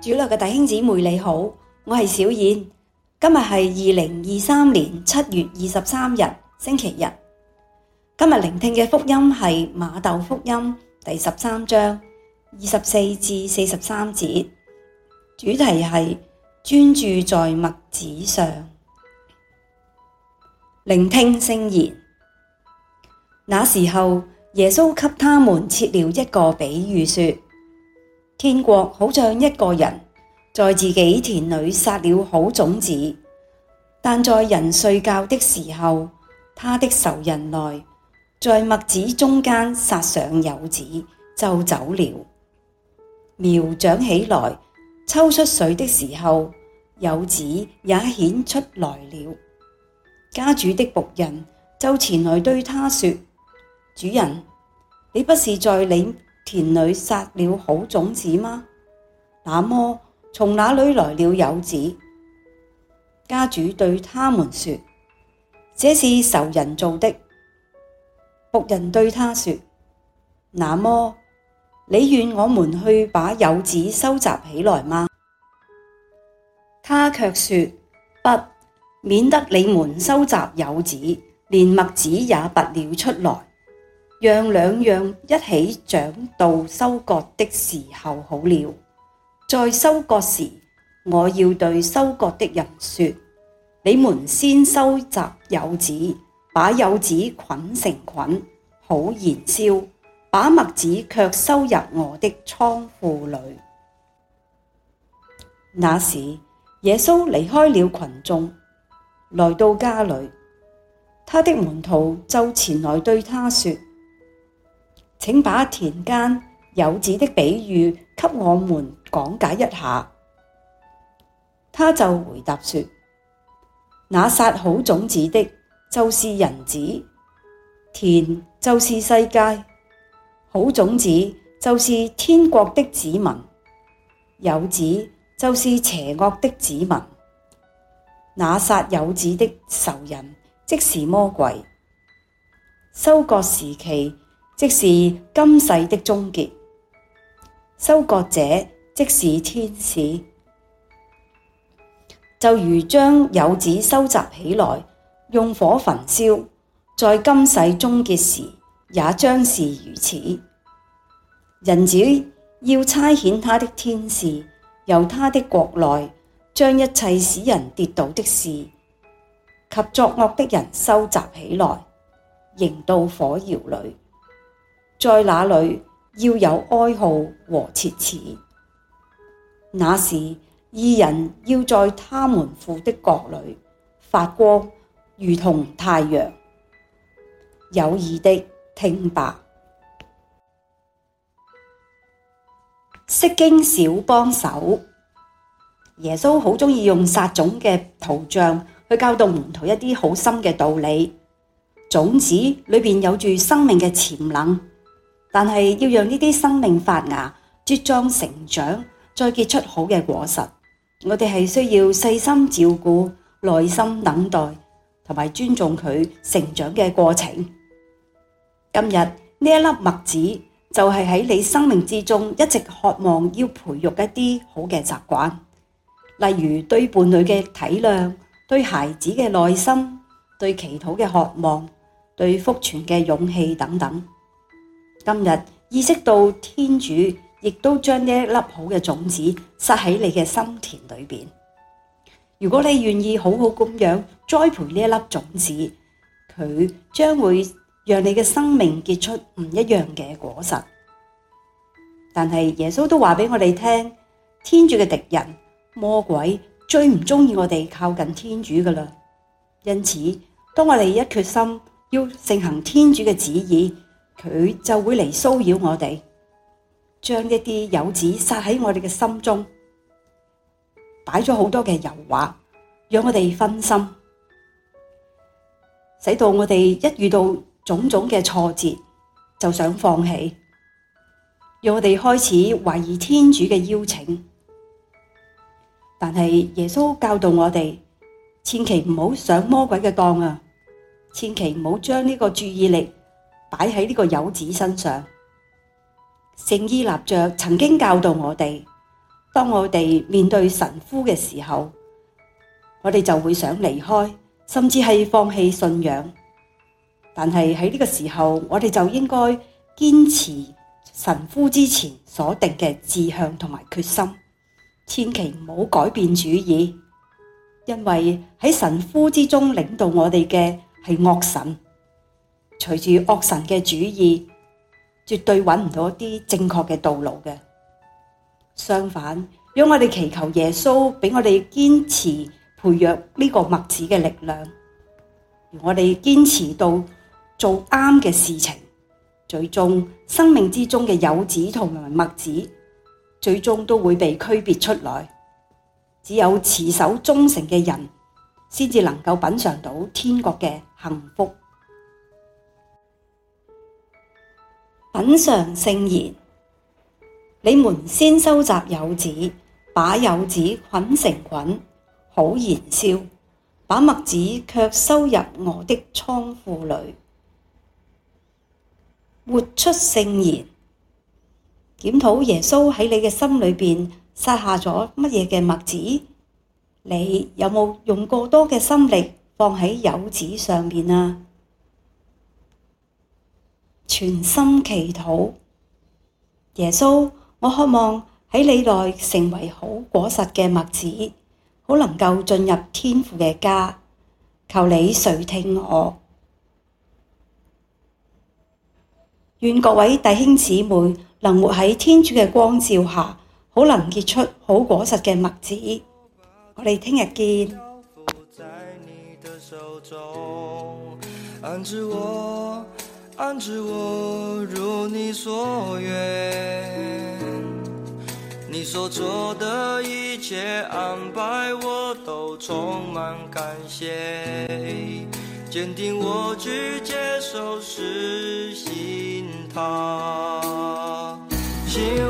主內嘅弟兄姊妹你好，我係小燕，今日係二零二三年七月二十三日星期日。今日聆聽嘅福音係馬竇福音第十三章二十四至四十三節，主題係專注在麥子上。聆聽聖言，那時候耶穌給他們設了一個比喻說。天國好像一個人在自己田裏撒了好種子，但在人睡覺的時候，他的仇人來在麥子中間撒上莠子，就走了。苗長起來，抽出穗的時候，莠子也顯出來了。家主的僕人就前來對他說：主人，你不是在你田裏撒了好種子嗎？那麼從哪裏來了莠子？家主對他們說：這是仇人做的。僕人對他說：那麼，你願我們去把莠子收集起來嗎？他卻說：不，免得你們收集莠子，連麥子也拔了出來。讓兩樣一起長到收割的時候好了。在收割時，我要對收割的人說：你們先收集莠子，把莠子捆成捆，好燃燒；把麥子卻收入我的倉庫裏。那時，耶穌離開了群眾，來到家裏，他的門徒就前來對他說。請把田間莠子的比喻給我們講解一下。他就回答說：那撒好種子的，就是人子；田就是世界，好種子就是天國的子民，莠子就是邪惡的子民。那撒莠子的仇人，即是魔鬼。收割時期，即是今世的終結，收割者即是天使。就如將莠子收集起來，用火焚燒，在今世終結時，也將是如此。人子要差遣他的天使，由他的國內將一切使人跌倒的事及作惡的人收集起來，扔到火窯裏。在那裏要有哀號和切齒？那時義人要在他們父的國裏發光，如同太陽。有耳的，聽罷！釋經小幫手。耶穌好鍾意用撒種嘅圖像去教導門徒一啲好深嘅道理。種子裏邊有住生命嘅潛能。但係要讓呢啲生命發芽、茁壯成長，再結出好嘅果實，我哋係需要細心照顧、耐心等待，同埋尊重佢成長嘅過程。今日呢一粒麥子就係喺你生命之中一直渴望要培育一啲好嘅習慣，例如對伴侶嘅體諒、對孩子嘅耐心、對祈禱嘅渴望、對福傳嘅勇氣等等。今日意識到，天主亦都將呢一粒好嘅種子塞喺你嘅心田裏邊。如果你願意好好咁樣栽培呢一粒種子，佢將會讓你嘅生命結出唔一樣嘅果實。但係耶穌都話俾我哋聽，天主嘅敵人魔鬼最唔中意我哋靠近天主噶啦。因此，當我哋一決心要承行天主嘅旨意，佢就會嚟騷擾我哋，將一啲莠子撒喺我哋嘅心中，擺咗好多嘅誘惑，讓我哋分心，使到我哋一遇到種種嘅挫折就想放棄，讓我哋開始懷疑天主嘅邀請。但係耶穌教導我哋，千祈唔好上魔鬼嘅當啊，千祈唔好將呢個注意力。擺喺呢個莠子身上。聖依納爵曾經教導我哋，當我哋面對神枯嘅時候，我哋就會想離開，甚至係放棄信仰。但係喺呢個時候，我哋就應該堅持神枯之前所定嘅志向同埋決心，千祈唔好改變主意，因為喺神枯之中領導我哋嘅係惡神。隨住惡神嘅主意，絕對揾唔到一啲正確嘅道路嘅。相反，如果我哋祈求耶穌俾我哋堅持培育呢個麥子嘅力量，如果我哋堅持到做啱嘅事情，最終生命之中嘅莠子同埋麥子，最終都會被區別出來。只有持守忠誠嘅人，先至能夠品嘗到天國嘅幸福。.品嚐聖言，你們先收集莠子，把莠子捆成捆，好燃燒，把麥子卻收入我的倉庫裏，活出聖言。檢討耶穌喺你嘅心裏邊撒下咗乜嘢嘅麥子？你有冇用過多嘅心力放喺莠子上面啊？全心祈禱，耶穌，我渴望喺你內成為好果實嘅麥子，好能夠進入天父嘅家，求你垂聽我。願各位弟兄姊妹能活喺天主嘅光照下，好能結出好果實嘅麥子。我哋聽日見。安置我如你所願，你所做的一切安排我都充滿感謝，堅定我去接受實行它。希望。